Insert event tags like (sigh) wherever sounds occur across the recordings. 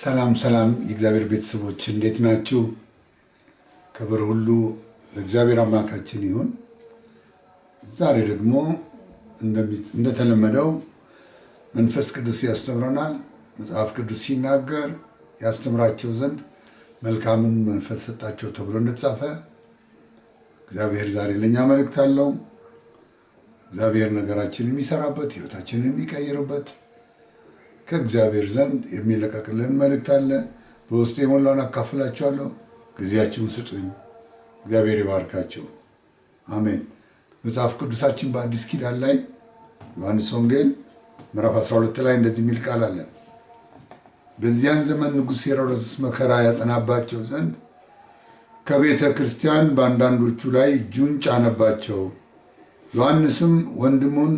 ሰላም ሰላም የእግዚአብሔር ቤተሰቦች እንዴት ናችሁ? ክብር ሁሉ ለእግዚአብሔር አምላካችን ይሁን። ዛሬ ደግሞ እንደተለመደው መንፈስ ቅዱስ ያስተምረናል። መጽሐፍ ቅዱስ ሲናገር ያስተምራቸው ዘንድ መልካምን መንፈስ ሰጣቸው ተብሎ እንደተጻፈ እግዚአብሔር ዛሬ ለእኛ መልእክት አለው። እግዚአብሔር ነገራችንን የሚሰራበት ህይወታችንን የሚቀይርበት ከእግዚአብሔር ዘንድ የሚለቀቅልን መልእክት አለ። በውስጥ የሞላውን አካፍላቸዋለሁ። ጊዜያችሁን ስጡኝ። እግዚአብሔር ይባርካቸው። አሜን። መጽሐፍ ቅዱሳችን በአዲስ ኪዳን ላይ ዮሐንስ ወንጌል ምዕራፍ 12 ላይ እንደዚህ የሚል ቃል አለ። በዚያን ዘመን ንጉሥ ሄሮድስ መከራ ያጸናባቸው ዘንድ ከቤተ ክርስቲያን በአንዳንዶቹ ላይ እጁን ጫነባቸው። ዮሐንስም ወንድሙን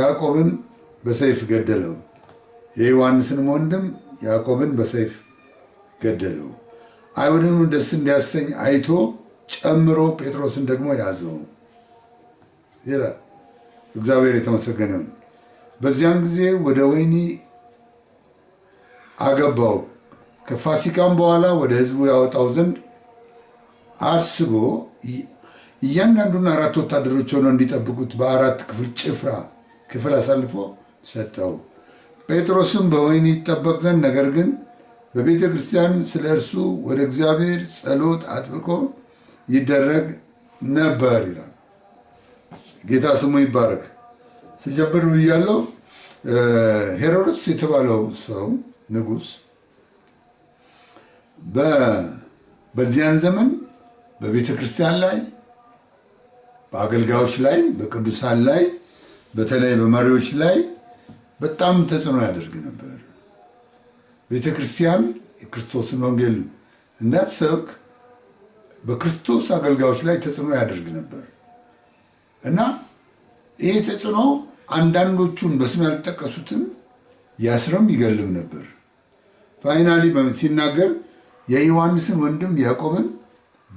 ያዕቆብን በሰይፍ ገደለው። የዮሐንስንም ወንድም ያዕቆብን በሰይፍ ገደለው። አይሁድንም ደስ እንዲያሰኝ አይቶ ጨምሮ ጴጥሮስን ደግሞ ያዘው ይላል። እግዚአብሔር የተመሰገነውን። በዚያን ጊዜ ወደ ወህኒ አገባው። ከፋሲካም በኋላ ወደ ህዝቡ ያወጣው ዘንድ አስቦ እያንዳንዱን አራት ወታደሮች ሆነው እንዲጠብቁት በአራት ክፍል ጭፍራ ክፍል አሳልፎ ሰጠው። ጴጥሮስም በወይን ይጠበቅ ዘንድ ነገር ግን በቤተ ክርስቲያን ስለ እርሱ ወደ እግዚአብሔር ጸሎት አጥብቆ ይደረግ ነበር ይላል። ጌታ ስሙ ይባረክ። ሲጀምር ብያለው ሄሮድስ የተባለው ሰው ንጉስ በዚያን ዘመን በቤተ ክርስቲያን ላይ፣ በአገልጋዮች ላይ፣ በቅዱሳን ላይ፣ በተለይ በመሪዎች ላይ በጣም ተጽዕኖ ያደርግ ነበር። ቤተ ክርስቲያን የክርስቶስን ወንጌል እንዳትሰብክ በክርስቶስ አገልጋዮች ላይ ተጽዕኖ ያደርግ ነበር እና ይህ ተጽዕኖ አንዳንዶቹን በስም ያልጠቀሱትን ያስረም ይገልም ነበር። ፋይናሊ ሲናገር የዮሐንስን ወንድም ያዕቆብን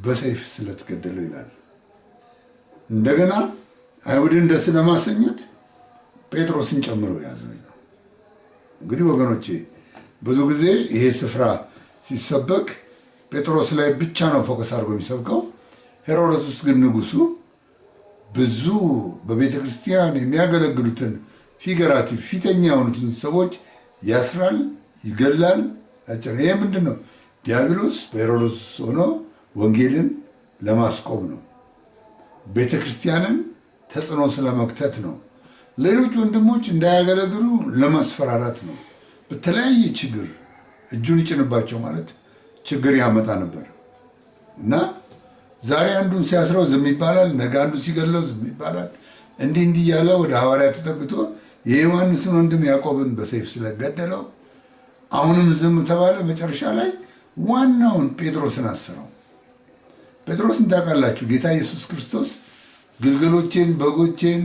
በሰይፍ ስለት ገደለው ይላል። እንደገና አይሁድን ደስ ለማሰኘት ጴጥሮስን ጨምሮ ያዘው። እንግዲህ ወገኖቼ ብዙ ጊዜ ይሄ ስፍራ ሲሰበክ ጴጥሮስ ላይ ብቻ ነው ፎከስ አድርጎ የሚሰብከው። ሄሮደስ ውስጥ ግን ንጉሱ ብዙ በቤተ ክርስቲያን የሚያገለግሉትን ፊገራት ፊተኛ የሆኑትን ሰዎች ያስራል፣ ይገላል፣ ያጭራል። ይሄ ምንድን ነው? ዲያብሎስ በሄሮዶስ ሆኖ ወንጌልን ለማስቆም ነው። ቤተ ክርስቲያንን ተጽዕኖ ስለመክተት ነው። ሌሎች ወንድሞች እንዳያገለግሉ ለማስፈራራት ነው። በተለያየ ችግር እጁን ይጭንባቸው ማለት ችግር ያመጣ ነበር እና ዛሬ አንዱን ሲያስረው ዝም ይባላል፣ ነገ አንዱ ሲገለው ዝም ይባላል። እንዲህ እንዲህ እያለ ወደ ሐዋርያ ተጠግቶ የዮሐንስን ወንድም ያዕቆብን በሰይፍ ስለገደለው አሁንም ዝም ተባለ። መጨረሻ ላይ ዋናውን ጴጥሮስን አስረው። ጴጥሮስ ታውቃላችሁ። ጌታ ኢየሱስ ክርስቶስ ግልገሎቼን፣ በጎቼን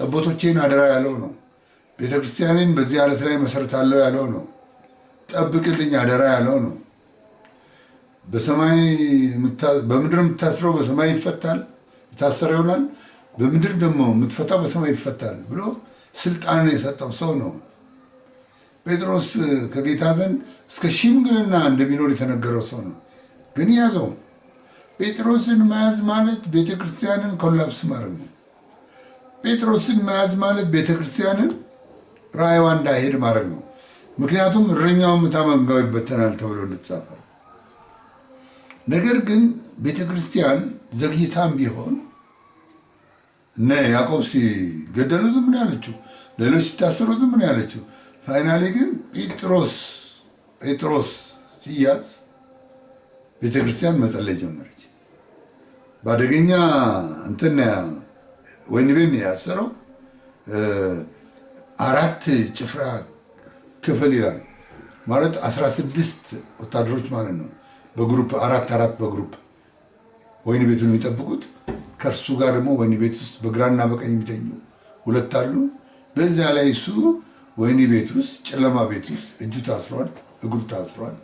ጠቦቶቼን አደራ ያለው ነው። ቤተክርስቲያንን በዚህ ዓለት ላይ መሰረታለሁ ያለው ነው። ጠብቅልኝ አደራ ያለው ነው። በሰማይ በምድር የምታስረው በሰማይ ይፈታል፣ የታሰረ ይሆናል። በምድር ደግሞ የምትፈታው በሰማይ ይፈታል ብሎ ስልጣንን የሰጠው ሰው ነው። ጴጥሮስ ከጌታ ዘንድ እስከ ሽምግልና እንደሚኖር የተነገረው ሰው ነው። ግን ያዘው። ጴጥሮስን መያዝ ማለት ቤተክርስቲያንን ክርስቲያንን ኮላፕስ ማድረግ ነው። ጴጥሮስን መያዝ ማለት ቤተክርስቲያንን ራእይዋ እንዳይሄድ ማድረግ ነው። ምክንያቱም እረኛውን ምታመንጋው ይበተናል ተብሎ እንደተጻፈ። ነገር ግን ቤተክርስቲያን ዘግይታም ቢሆን እነ ያዕቆብ ሲገደሉ ዝም ነው ያለችው፣ ሌሎች ሲታሰሩ ዝም ነው ያለችው። ፋይናሌ ግን ጴጥሮስ ጴጥሮስ ሲያዝ ቤተክርስቲያን መጸለይ ጀመረች። በአደገኛ እንትና ወህኒ ቤት ነው ያሰረው። አራት ጭፍራ ክፍል ይላል ማለት 16 ወታደሮች ማለት ነው። በግሩፕ አራት አራት በግሩፕ ወህኒ ቤቱን የሚጠብቁት ከእርሱ ጋር ደግሞ ወህኒ ቤት ውስጥ በግራና በቀኝ የሚተኙ ሁለት አሉ። በዚያ ላይ እሱ ወህኒ ቤት ውስጥ ጨለማ ቤት ውስጥ እጁ ታስሯል፣ እግሩ ታስሯል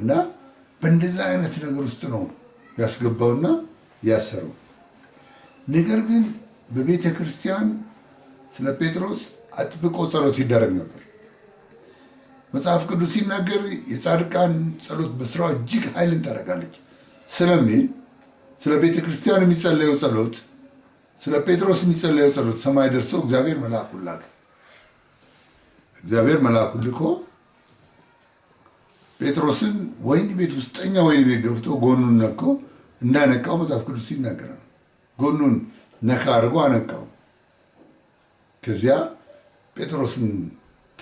እና በእንደዚህ አይነት ነገር ውስጥ ነው ያስገባውና ያሰረው። ነገር ግን በቤተ ክርስቲያን ስለ ጴጥሮስ አጥብቆ ጸሎት ይደረግ ነበር። መጽሐፍ ቅዱስ ሲናገር የጻድቃን ጸሎት በስራዋ እጅግ ኃይልን ታደርጋለች ስለሚል ስለ ቤተ ክርስቲያን የሚጸለየው ጸሎት፣ ስለ ጴጥሮስ የሚጸለየው ጸሎት ሰማይ ደርሶ እግዚአብሔር መልአኩ ላከ። እግዚአብሔር መልአኩ ልኮ ጴጥሮስን ወይን ቤት ውስጠኛ ወይን ቤት ገብቶ ጎኑን ነክቶ እንዳነቃው መጽሐፍ ቅዱስ ይናገራል። ጎኑን ነካ አድርጎ አነቃው። ከዚያ ጴጥሮስን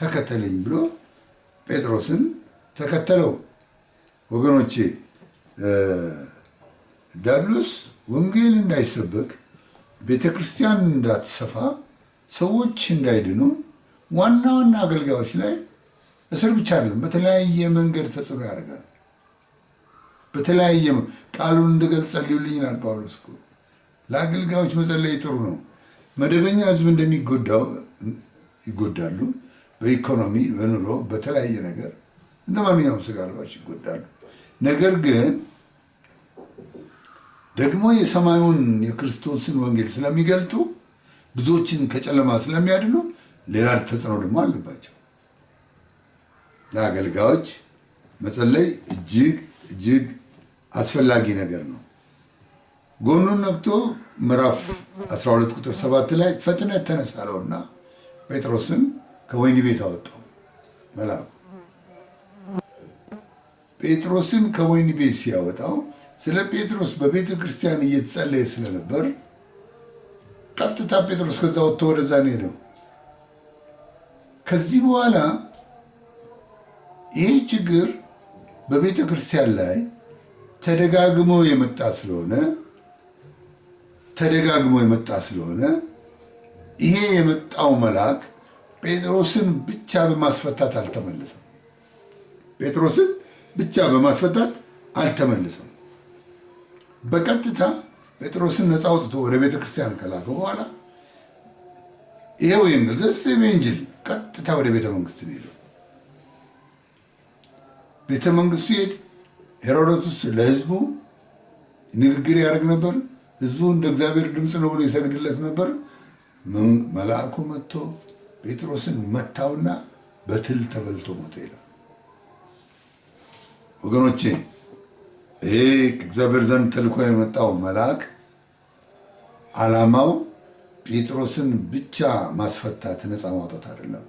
ተከተለኝ ብሎ ጴጥሮስን ተከተለው። ወገኖቼ ዳሉስ ወንጌል እንዳይሰበክ ቤተ ክርስቲያን እንዳትሰፋ ሰዎች እንዳይድኑ ዋና ዋና አገልጋዮች ላይ እስር ብቻ አይደለም፣ በተለያየ መንገድ ተጽዕኖ ያደርጋል። በተለያየ ቃሉን እንድገልጸ ሊውልኝ ይላል ጳውሎስ ለአገልጋዮች መጸለይ ጥሩ ነው። መደበኛ ህዝብ እንደሚጎዳው ይጎዳሉ። በኢኮኖሚ፣ በኑሮ፣ በተለያየ ነገር እንደ ማንኛውም ስጋ አልባዎች ይጎዳሉ። ነገር ግን ደግሞ የሰማዩን የክርስቶስን ወንጌል ስለሚገልጡ ብዙዎችን ከጨለማ ስለሚያድኑ ሌላ ተጽዕኖ ደግሞ አለባቸው። ለአገልጋዮች መጸለይ እጅግ እጅግ አስፈላጊ ነገር ነው። ጎኑን ነክቶ ምዕራፍ 12 ቁጥር 7 ላይ ፈጥነት ተነሳ አለውና ጴጥሮስን ከወህኒ ቤት አወጣው። መልአኩ ጴጥሮስን ከወህኒ ቤት ሲያወጣው ስለ ጴጥሮስ በቤተ ክርስቲያን እየተጸለየ ስለነበር ቀጥታ ጴጥሮስ ከዛ ወጥቶ ወደዛ ነው ሄደው። ከዚህ በኋላ ይህ ችግር በቤተ ክርስቲያን ላይ ተደጋግሞ የመጣ ስለሆነ ተደጋግሞ የመጣ ስለሆነ ይሄ የመጣው መልአክ ጴጥሮስን ብቻ በማስፈታት አልተመለሰም። ጴጥሮስን ብቻ በማስፈታት አልተመለሰም። በቀጥታ ጴጥሮስን ነፃ አውጥቶ ወደ ቤተ ክርስቲያን ከላከ በኋላ ይኸው የእንግሊዝስ ኤንጅል ቀጥታ ወደ ቤተ መንግስት ሄደው ቤተ መንግስት ሲሄድ ሄሮዶቱስ ለህዝቡ ንግግር ያደርግ ነበር። ህዝቡ እንደ እግዚአብሔር ድምፅ ነው ብሎ ይሰግድለት ነበር። መልአኩ መጥቶ ጴጥሮስን መታውና በትል ተበልቶ ሞተ ይላል። ወገኖቼ ይሄ ከእግዚአብሔር ዘንድ ተልኮ የመጣው መልአክ ዓላማው ጴጥሮስን ብቻ ማስፈታት ነፃ ማውጣት አይደለም።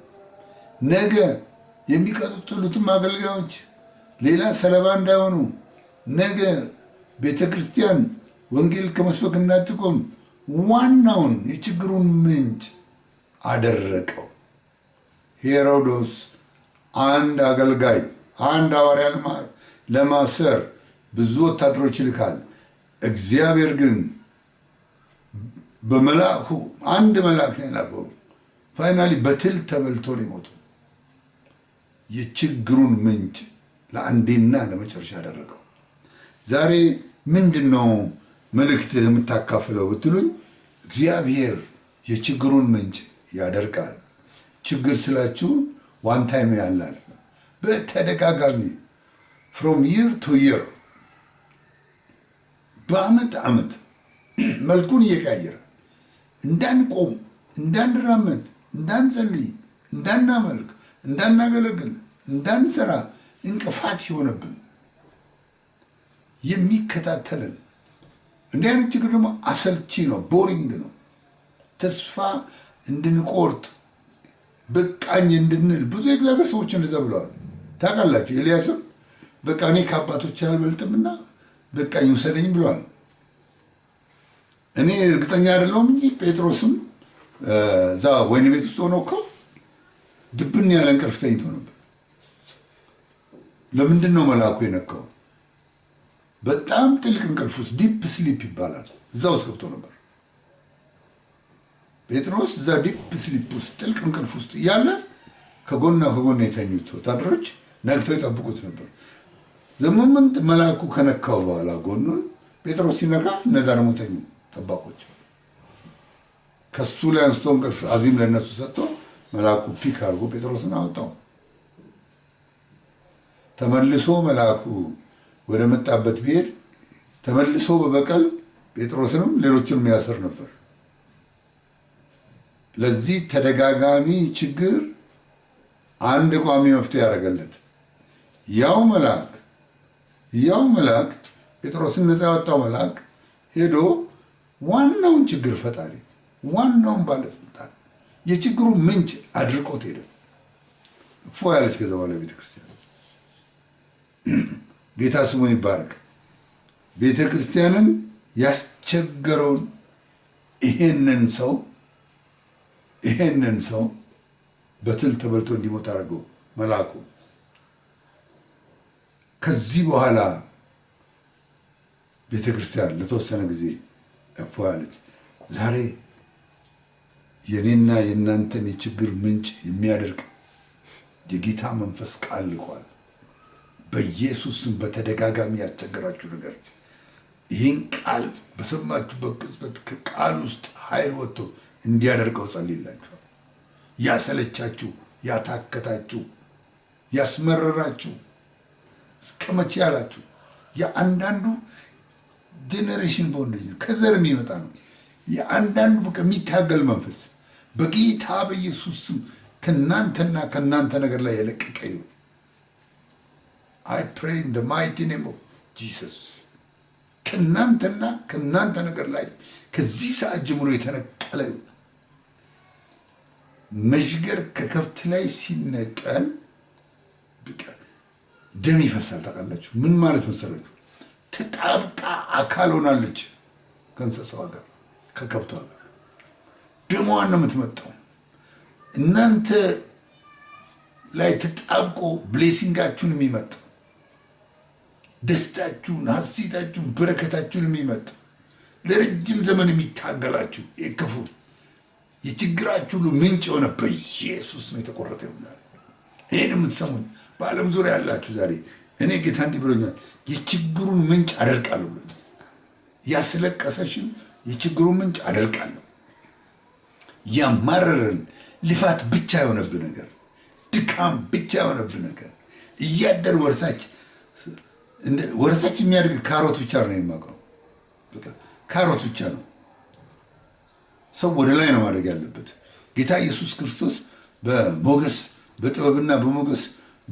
ነገ የሚቀጥሉትም አገልጋዮች ሌላ ሰለባ እንዳይሆኑ ነገ ቤተ ክርስቲያን ወንጌል ከመስበክ እንዳትቆም ዋናውን የችግሩን ምንጭ አደረቀው። ሄሮዶስ አንድ አገልጋይ አንድ ሐዋርያ ለማሰር ብዙ ወታደሮች ይልካል። እግዚአብሔር ግን በመላኩ አንድ መልአክ ነው የላከው። ፋይናሊ በትል ተበልቶ ነው የሞተው። የችግሩን ምንጭ ለአንዴና ለመጨረሻ አደረገው። ዛሬ ምንድን ነው መልእክት የምታካፍለው ብትሉኝ እግዚአብሔር የችግሩን ምንጭ ያደርቃል። ችግር ስላችሁ ዋን ታይም ያላል በተደጋጋሚ ፍሮም ይር ቱ ይር በአመት አመት መልኩን እየቀየረ እንዳንቆም፣ እንዳንራመድ፣ እንዳንጸልይ፣ እንዳናመልክ፣ እንዳናገለግል፣ እንዳንሰራ እንቅፋት የሆነብን የሚከታተልን እንዲህ አይነት ችግር ደግሞ አሰልቺ ነው፣ ቦሪንግ ነው። ተስፋ እንድንቆርጥ በቃኝ እንድንል ብዙ የእግዚአብሔር ሰዎች እንደዛ ብለዋል። ታውቃላችሁ፣ ኤልያስም በቃ እኔ ከአባቶች እና በቃኝ ውሰደኝ ብሏል። እኔ እርግጠኛ አይደለሁም እንጂ ጴጥሮስም እዛ ወይን ቤት ውስጥ ሆኖ እኮ ድብን ያለ እንቅልፍ ተኝቶ ነበር። ለምንድን ነው መልአኩ የነካው? በጣም ጥልቅ እንቅልፍ ውስጥ ዲፕ ስሊፕ ይባላል። እዛ ውስጥ ገብቶ ነበር ጴጥሮስ። እዛ ዲፕ ስሊፕ ውስጥ ጥልቅ እንቅልፍ ውስጥ እያለ ከጎና ከጎና የተኙት ወታደሮች ነግተው ይጠብቁት ነበር። ዘሙምንት መልአኩ ከነካው በኋላ ጎኑን ጴጥሮስ ሲነካ እነዛ ደግሞ ተኙ ጠባቆች። ከሱ ላይ አንስቶ እንቅልፍ አዚም ለእነሱ ሰጥቶ መልአኩ ፒክ አድርጎ ጴጥሮስን አወጣው። ተመልሶ መልአኩ ወደ መጣበት ቢሄድ ተመልሶ በበቀል ጴጥሮስንም ሌሎችንም ያስር ነበር። ለዚህ ተደጋጋሚ ችግር አንድ ቋሚ መፍትሄ ያደረገለት ያው መልአክ ያው መልአክ ጴጥሮስን ነፃ ያወጣው መልአክ ሄዶ ዋናውን ችግር ፈጣሪ ዋናውን ባለስልጣን የችግሩ ምንጭ አድርቆት ሄደ። እፎ ያለች ከተማ ቤተክርስቲያን ጌታ ስሙ ይባረክ። ቤተ ክርስቲያንን ያስቸገረውን ይሄንን ሰው ይሄንን ሰው በትል ተበልቶ እንዲሞት አድርገው መልአኩ። ከዚህ በኋላ ቤተ ክርስቲያን ለተወሰነ ጊዜ እፎ አለች። ዛሬ የኔና የእናንተን የችግር ምንጭ የሚያደርግ የጌታ መንፈስ ቃል ልኳል። በኢየሱስ ስም በተደጋጋሚ ያስቸገራችሁ ነገር ይህን ቃል በሰማችሁበት ቅጽበት ከቃል ውስጥ ኃይል ወጥቶ እንዲያደርገው ጸልላችኋል። ያሰለቻችሁ፣ ያታከታችሁ፣ ያስመረራችሁ እስከ መቼ ያላችሁ የአንዳንዱ ጄኔሬሽን በወንደጅ ከዘር የሚመጣ ነው። የአንዳንዱ በቃ የሚታገል መንፈስ በጌታ በኢየሱስ ስም ከእናንተና ከእናንተ ነገር ላይ የለቀቀ ይሁን። አይ ፕሬይ ኢን ዘ ማይቲ ኔም ኦፍ ጂሰስ። ከእናንተና ከእናንተ ነገር ላይ ከዚህ ሰዓት ጀምሮ የተነቀለ መዥገር ከከብት ላይ ሲነቀል ደም ይፈሳል። ታውቃላችሁ ምን ማለት መሰላችሁ? ተጣብቃ አካል ሆናለች ከእንስሳዋ ጋር ከከብቷ ጋር ደሟን ነው የምትመጣው። እናንተ ላይ ተጣብቆ ብሌሲንጋችሁን የሚመጣው ደስታችሁን፣ ሀሴታችሁን፣ በረከታችሁን የሚመጥ ለረጅም ዘመን የሚታገላችሁ የክፉ የችግራችሁ ሁሉ ምንጭ የሆነ በኢየሱስ ነው የተቆረጠ ይሆናል። ይህን የምትሰሙኝ በዓለም ዙሪያ ያላችሁ ዛሬ እኔ ጌታ እንዲህ ብሎኛል፣ የችግሩን ምንጭ አደርቃለሁ ብሎኛል። ያስለቀሰሽን የችግሩን ምንጭ አደርቃለሁ። ያማረረን ልፋት ብቻ የሆነብን ነገር፣ ድካም ብቻ የሆነብን ነገር እያደር ወርታች ወደታች የሚያድግ ካሮት ብቻ ነው የማውቀው። ካሮት ብቻ ነው። ሰው ወደ ላይ ነው ማድረግ ያለበት። ጌታ ኢየሱስ ክርስቶስ በሞገስ በጥበብና በሞገስ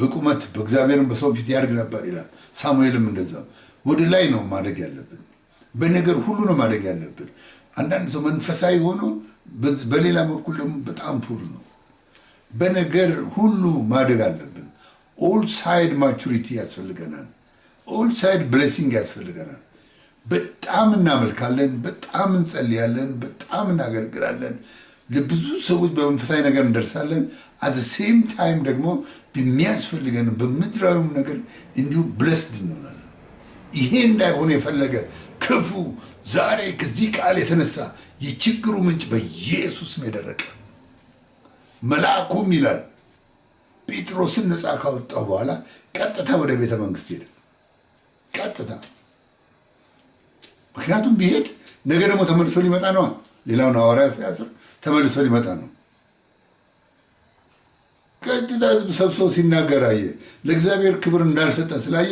በቁመት በእግዚአብሔርም በሰው ፊት ያድግ ነበር ይላል። ሳሙኤልም እንደዛ ወደ ላይ ነው ማደግ ያለብን። በነገር ሁሉ ነው ማደግ ያለብን። አንዳንድ ሰው መንፈሳዊ ሆኖ በሌላ በኩል ደግሞ በጣም ፑር ነው። በነገር ሁሉ ማደግ አለብን። ኦል ሳይድ ማቹሪቲ ያስፈልገናል። ኦል ሳይድ ብሌሲንግ ያስፈልገናል። በጣም እናመልካለን፣ በጣም እንጸልያለን፣ በጣም እናገለግላለን። ለብዙ ሰዎች በመንፈሳዊ ነገር እንደርሳለን። አዘ ሴም ታይም ደግሞ የሚያስፈልገን በምድራዊም ነገር እንዲሁ ብለስድ እንሆናለን። ይሄ እንዳይሆነ የፈለገ ክፉ ዛሬ ከዚህ ቃል የተነሳ የችግሩ ምንጭ በኢየሱስም የደረቀ መልአኩም ይላል ጴጥሮስን ነፃ ካወጣው በኋላ ቀጥታ ወደ ቤተ መንግስት ሄደ። ቀጥታ። ምክንያቱም ቢሄድ ነገ ደግሞ ተመልሶ ሊመጣ ነዋ። ሌላውን ሐዋርያ ሲያስር ተመልሶ ሊመጣ ነው። ቀጥታ ህዝብ ሰብሶ ሲናገር አየ። ለእግዚአብሔር ክብር እንዳልሰጠ ስላየ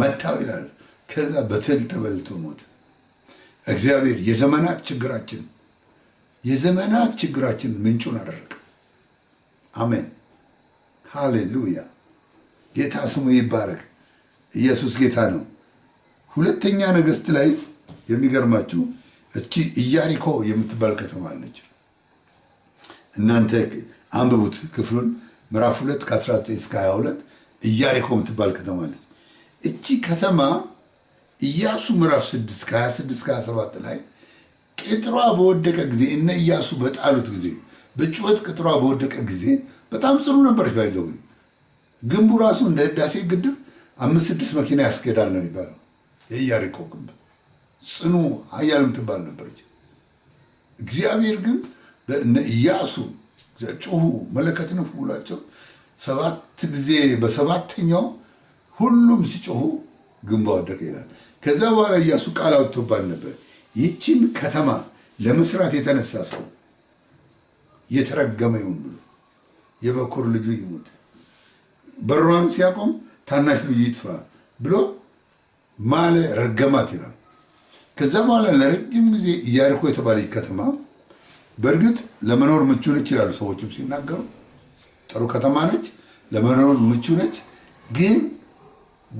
መታው ይላል። ከዛ በትል ተበልቶ ሞት። እግዚአብሔር የዘመናት ችግራችን የዘመናት ችግራችን ምንጩን አደረገ። አሜን ሃሌሉያ። ጌታ ስሙ ይባረክ። ኢየሱስ ጌታ ነው። ሁለተኛ ነገስት ላይ የሚገርማችሁ እቺ ኢያሪኮ የምትባል ከተማ አለች። እናንተ አንብቡት ክፍሉን ምዕራፍ 2 ከ19 እስከ 22 ኢያሪኮ የምትባል ከተማ አለች። እቺ ከተማ ኢያሱ ምዕራፍ 6 ከ26 እስከ 27 ላይ ቅጥሯ በወደቀ ጊዜ እነ ኢያሱ በጣሉት ጊዜ በጩኸት ቅጥሯ በወደቀ ጊዜ በጣም ጽኑ ነበረች። ባይዘው ግንቡ ራሱ እንደ ህዳሴ ግድብ አምስት ስድስት መኪና ያስኬዳል ነው የሚባለው። የኢያሪኮ ግንብ ጽኑ ኃያል የምትባል ነበረች። እግዚአብሔር ግን በእነ ኢያሱ ጩሁ መለከት ንፉ ብሏቸው ሰባት ጊዜ በሰባተኛው ሁሉም ሲጮሁ ግንባ ወደቀ ይላል። ከዛ በኋላ እያሱ ቃል አውጥቶባል ነበር። ይህችን ከተማ ለመስራት የተነሳ ሰው የተረገመ ይሁን ብሎ የበኩር ልጁ ይሙት። በሯን ሲያቆም ታናሽ ልጅ ይጥፋ ብሎ ማለ፣ ረገማት ይላል። ከዛ በኋላ ለረጅም ጊዜ ኢያሪኮ የተባለች ከተማ በእርግጥ ለመኖር ምቹ ነች ይላሉ ሰዎችም ሲናገሩ፣ ጥሩ ከተማ ነች፣ ለመኖር ምቹ ነች። ግን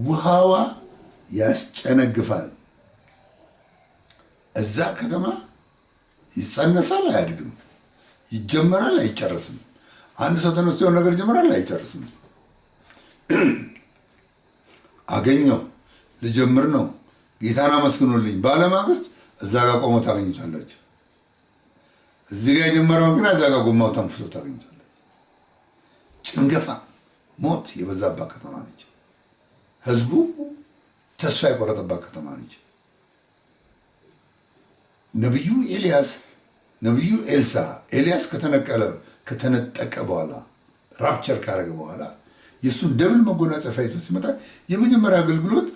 ውሃዋ ያስጨነግፋል። እዛ ከተማ ይጸነሳል፣ አያድግም። ይጀመራል፣ አይጨርስም። አንድ ሰው ተነስቶ ነገር ይጀምራል፣ አይጨርስም። አገኘው ልጀምር ነው ጌታን አመስግኖልኝ ባለማግስት እዛ ጋር ቆሞ ታገኝቻለች። እዚህ ጋር የጀመረው ግን እዛ ጋር ጎማው ተንፍሶ ታገኝቻለች። ጭንገፋ፣ ሞት የበዛባት ከተማ ነች። ህዝቡ ተስፋ የቆረጠባት ከተማ ነች። ነቢዩ ኤልያስ ነቢዩ ኤልሳ ኤልያስ ከተነቀለ ከተነጠቀ በኋላ ራፕቸር ካደረገ በኋላ የእሱ ደብል መጎናጸፊያ ይዞ ሲመጣ የመጀመሪያ አገልግሎት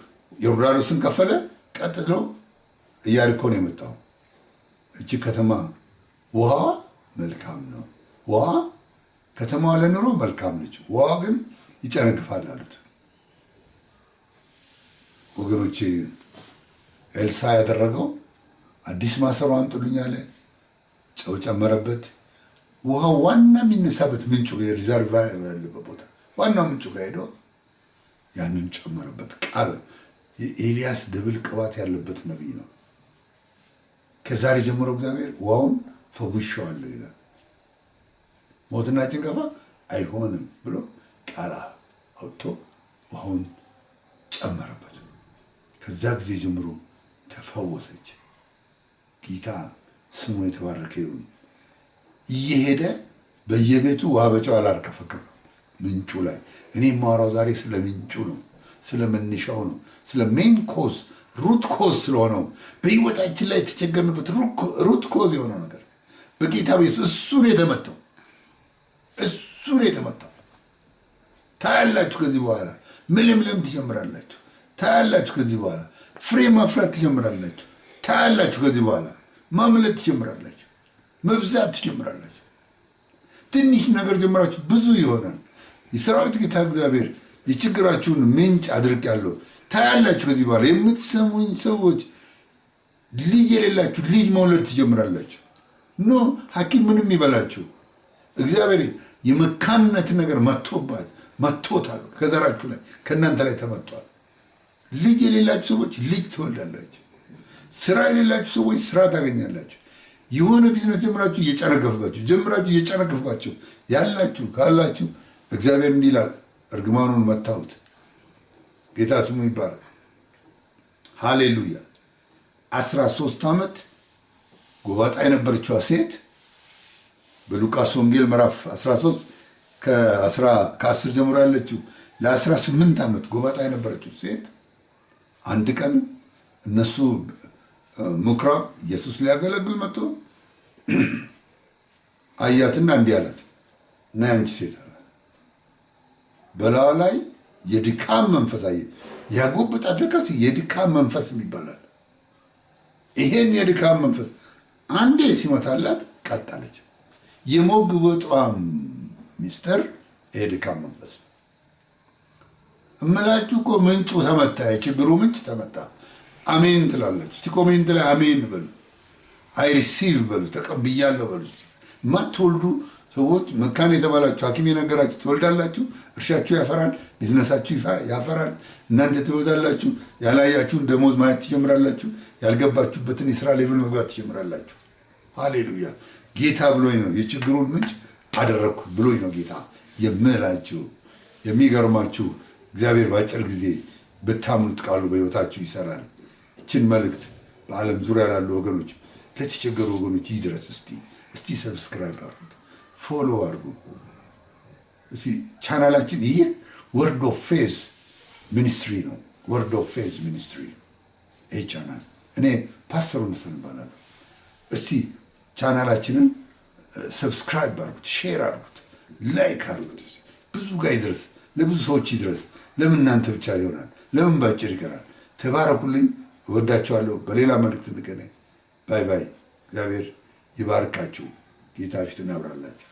ዮርዳኖስን ከፈለ። ቀጥሎ እያሪኮ ነው የመጣው። እቺ ከተማ ውሃ መልካም ነው፣ ውሃ ከተማዋ ለኑሮ መልካም ነች፣ ውሃ ግን ይጨነግፋል አሉት። ወገኖች ኤልሳ ያደረገው አዲስ ማሰሮ አንጥሉኝ አለ። ጨው ጨመረበት። ውሃ ዋና የሚነሳበት ምንጩ ሪዘርቫ ያለበት ቦታ ዋናው ምንጩ ጋር ሄዶ ያንን ጨመረበት። ቃል የኤልያስ ደብል ቅባት ያለበት ነቢይ ነው። ከዛሬ ጀምሮ እግዚአብሔር ውሃውን ፈውሼዋለሁ ይላል። ሞትና ጭንገፋ አይሆንም ብሎ ቃል አውጥቶ ውሃውን ጨመረበት። ከዛ ጊዜ ጀምሮ ተፈወሰች። ጌታ ስሙ የተባረከ ይሁን። እየሄደ በየቤቱ ውሃ በጨው አላርከፈከፈ ምንጩ ላይ እኔ የማወራው ዛሬ ስለ ምንጩ ነው፣ ስለ መነሻው ነው፣ ስለ ሜን ኮዝ ሩት ኮዝ ስለሆነው በህይወታችን ላይ የተቸገርንበት ሩት ኮዝ የሆነው ነገር በጌታ ቤስ እሱ ነው የተመታው፣ እሱ ነው የተመታው። ታያላችሁ። ከዚህ በኋላ ምልምልም ትጀምራላችሁ። ታያላችሁ። ከዚህ በኋላ ፍሬ ማፍራት ትጀምራላችሁ። ታያላችሁ። ከዚህ በኋላ ማምለት ትጀምራላችሁ። መብዛት ትጀምራላችሁ። ትንሽ ነገር ጀምራችሁ ብዙ ይሆናል። የሰራዊት ጌታ እግዚአብሔር የችግራችሁን ምንጭ ያለ ታያላችሁ። ከዚህ በኋላ የምትሰሙኝ ሰዎች ልጅ የሌላችሁ ልጅ መውለድ ትጀምራላችሁ። ኖ ሐኪም ምንም ይበላችሁ፣ እግዚአብሔር የመካንነት ነገር መጥቶባት መጥቶታል። ከዘራችሁ ላይ ከእናንተ ላይ ተመጥቷል። ልጅ የሌላችሁ ሰዎች ልጅ ትወልዳላችሁ። ስራ የሌላችሁ ሰዎች ስራ ታገኛላችሁ። የሆነ ቢዝነስ ጀምራችሁ እየጨነገፍባችሁ ጀምራችሁ እየጨነገፍባችሁ ያላችሁ ካላችሁ እግዚአብሔር እንዲህ ይላል፣ እርግማኑን መታሁት። ጌታ ስሙ ይባላል። ሃሌሉያ። አስራ ሶስት ዓመት ጎባጣ የነበረችዋ ሴት በሉቃስ ወንጌል ምዕራፍ 13 ከ10 ጀምሮ ያለችው ለ18 ዓመት ጎባጣ የነበረችው ሴት አንድ ቀን እነሱ ምኩራብ ኢየሱስ ሊያገለግል መጥቶ (clears throat) አያትና እንዲህ አላት እና ያንቺ ሴት አለ በላዋ ላይ የድካም መንፈስ አየ። ያዕቆብ በጣደቀስ የድካም መንፈስ ይባላል። ይሄን የድካም መንፈስ አንዴ ሲመታላት ቀጣለች። የሞግበጧም ሚስጥር የድካም መንፈስ ነው። እምላችሁ እኮ ምንጩ ተመታ፣ የችግሩ ምንጭ ተመታ። አሜን ትላላችሁ። እስቲ ኮሜንት ላይ አሜን በሉ፣ አይ ሪሲቭ በሉ፣ ተቀብያለሁ በሉ። ማትወልዱ ሰዎች መካን የተባላችሁ ሐኪም የነገራችሁ ትወልዳላችሁ፣ እርሻችሁ ያፈራል፣ ቢዝነሳችሁ ያፈራል። እናንተ ትበዛላችሁ፣ ያላያችሁን ደሞዝ ማየት ትጀምራላችሁ፣ ያልገባችሁበትን የስራ ሌቭል መግባት ትጀምራላችሁ። ሃሌሉያ! ጌታ ብሎኝ ነው የችግሩን ምንጭ አደረግኩ ብሎኝ ነው ጌታ የምላችሁ። የሚገርማችሁ እግዚአብሔር በአጭር ጊዜ ብታምኑት ቃሉ በህይወታችሁ ይሰራል። እችን መልእክት በዓለም ዙሪያ ላሉ ወገኖች፣ ለተቸገሩ ወገኖች ይድረስ። እስቲ እስቲ ሰብስክራይብ አድርጉት። ፎሎ አድርጉ። ቻናላችን ይህ ወርድ ኦፍ ፌዝ ሚኒስትሪ ነው። ወርድ ኦፍ ፌዝ ሚኒስትሪ ይህ ቻናል እኔ ፓስተሩ መስፍን እባላለሁ። እስቲ ቻናላችንን ሰብስክራይብ አድርጉት፣ ሼር አድርጉት፣ ላይክ አድርጉት። ብዙ ጋር ይድረስ፣ ለብዙ ሰዎች ይድረስ። ለምን እናንተ ብቻ ይሆናል? ለምን ባጭር ይቀራል? ተባረኩልኝ። እወዳቸዋለሁ። በሌላ መልእክት እንገናኝ። ባይ ባይ። እግዚአብሔር ይባርካችሁ። ጌታ ፊት እናብራላችሁ።